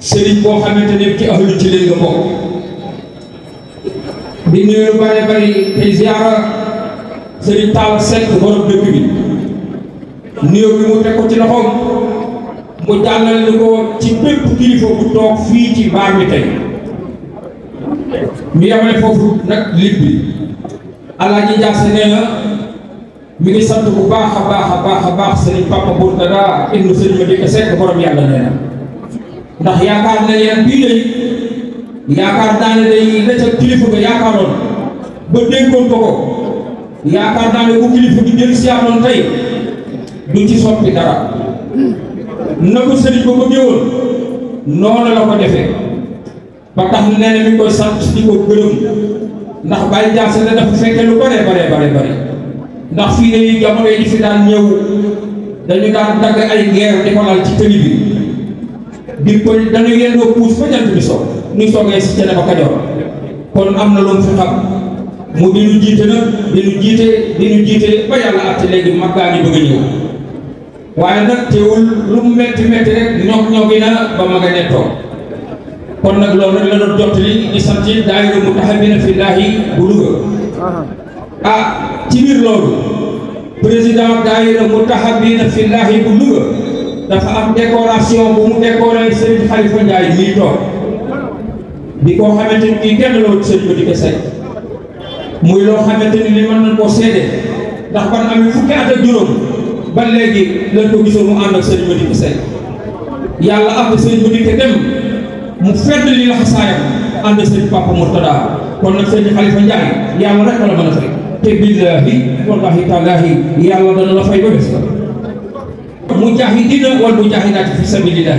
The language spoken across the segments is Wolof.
sëriñ boo xamante ne ci ahlu ci leen nga bokk di nuyu bare bari tey ziara sëriñ Talla Seck borom dëkk bi nuyoo bi mu teg ci loxoom mu jàllal ni ko ci bépp kilifa bu toog fii ci baar bi tey ñu yemale foofu nag lim bi alaaji jaase nee na mi ngi sant bu baax a baax a baax a baax sëriñ Papa Bourtada ibnu sëriñ Madické Seck borom yàlla nee na ndax yaakaar na leen bii day yaakaar naa ne day la ca kilifa ba yaakaaroon ba dénkoon ko ko yaakaar naa ne bu kilifa bi jël siyaanoon tey du ci soppi dara na ko sëriñ ba bëggee woon noonu la ko defee ba tax nee na mi ngi koy sant di ko gërëm ndax Baye Dia Sy dafa fekkee lu bare bare bare ndax fii ne jamono di fi daan ñëw dañu daan dagg ay guerre di ko lal ci tëli bi bi ko dañu yendoo puus fa jant bi so ñu soogee si cene ba Kajoor kon am na lu mu fi xam mu bi ñu jiite nag bi ñu jiite bi ñu jiite ba yàlla atte léegi maggaa ni bëgg a waaye nag teewul lu mu metti metti rek ñoog ñoogi na ba ma toog kon nag loolu rek la doon jottali di sant daayira Mutahabina Fillahi bu Louga ah ci biir loolu président daayira Mutahabina Fillahi bu Louga dafa am décoration bu dekorasi décoré kali Khalifa Ndiaye mi di kau xamanteni ki kenn lo ci Serigne Modibo Seck lo xamanteni li man nañ ko sédé ndax kon am fukki at ak juroom ba légui lañ ko gisoon mu and ak Serigne Modibo Seck yalla ak Serigne Modibo dem mu fedd li wax saay Papa Murtada kon nak Serigne Khalifa Ndiaye yalla rek la mëna fay te billahi wallahi ta'ala yalla dana la fay ba bes mujahidin wal mujahidat fi sabilillah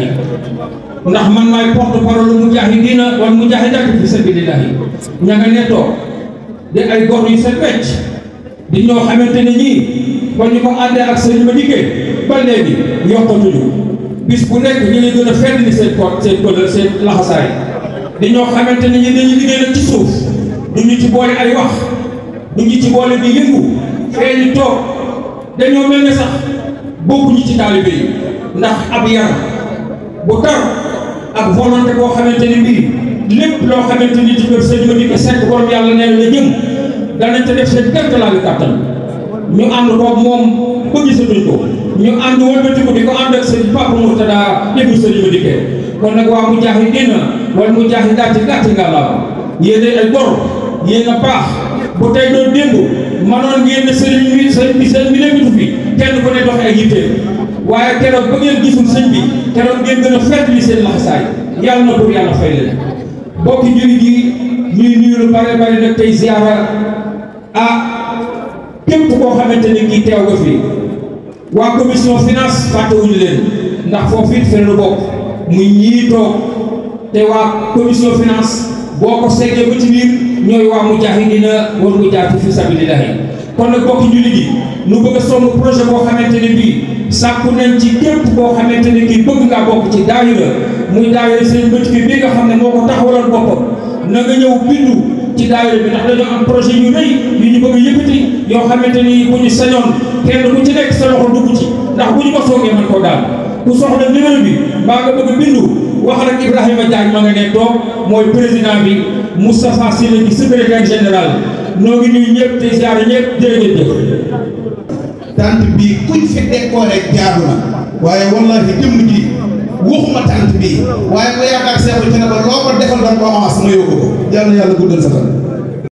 ndax man may porte parole mujahidin wal mujahidat fi sabilillah ñanga netto de ay gor yu sepet di ño xamanteni ni ko ñu ko andé ak señu ma diggé ba légui yokatu ñu bis bu nek ñu ñu gëna fenn ni seen porte seen colère seen laxasay di ño xamanteni ni dañu liggé na ci suuf du ñu ci boole ay wax du ñu ci boole bi yëngu fenn tok dañu melni sax bokkuñu ci taalibe yi ndax ab yar bu tar ak volonté boo xamante ni bii lépp loo xamante ni ci kër sa jóoni ko sekk borom yàlla nee la jëm danañ te def seen kàttalaayu kàttan ñu ànd ko moom ba gisatuñ ko ñu ànd wëlbati ko di ko ànd ak seen papa Murtada déglu seen yu dikkee kon nag waa mu jaaxi dina wala mu jaaxi daati gàtti nga la yéen ay gor yéen a baax bu tey doon démb manoon ngeen ne sëriñ bi sëriñ bi sëriñ bi nekkatu fi kenn ku ne doxe ak yitteel waaye keroog ba ngeen gisul sëñ bi keroog ngeen gën a fàttali seen laxasaay yàlla na pour yàlla fay leen bokki jullit yi ñuy nuyu bare bare nag tey ziyaara ah képp koo xamante ne kii teew nga fi waa commission finance fàttewuñu leen ndax foofu it feneen bokk muy ñii te waa commission finance boo ko seggee ba ci biir ñooy waa mujahidina wal mujaahid fi sabilillahi kon nag bokk jullit yi nu bëgg a sonn projet boo xamante ne bii sàkku nañ ci képp boo xamante ne kii bëgg ngaa bokk ci daayira muy daayira seen bët bi nga xam ne moo ko taxawalal boppam na nga ñëw bindu ci daayira bi ndax dañoo am projet yu rëy yu ñu bëgg a yëkkati yoo xamante ni bu ñu sañoon kenn ku ci nekk sa loxo dugg ci ndax bu ñu ko soogee mën koo daal ku soxla numéro bi mbaa nga bëgg a bindu wax rek Ibrahima Diagne ma nga ne toog mooy président bi. Moustapha Sylla di secrétaire général ñoo ngi nuyu ñëpp te ziar ñëpp jërëjëf. tant bi kuñ fi décoré jaadu na waaye wallahi jëmm ji waxuma tant bi waaye ko yaakaar seetlu ci ne ba loo ko defal da nga ko avance ma yóbbu ko yàlla yàlla guddal sa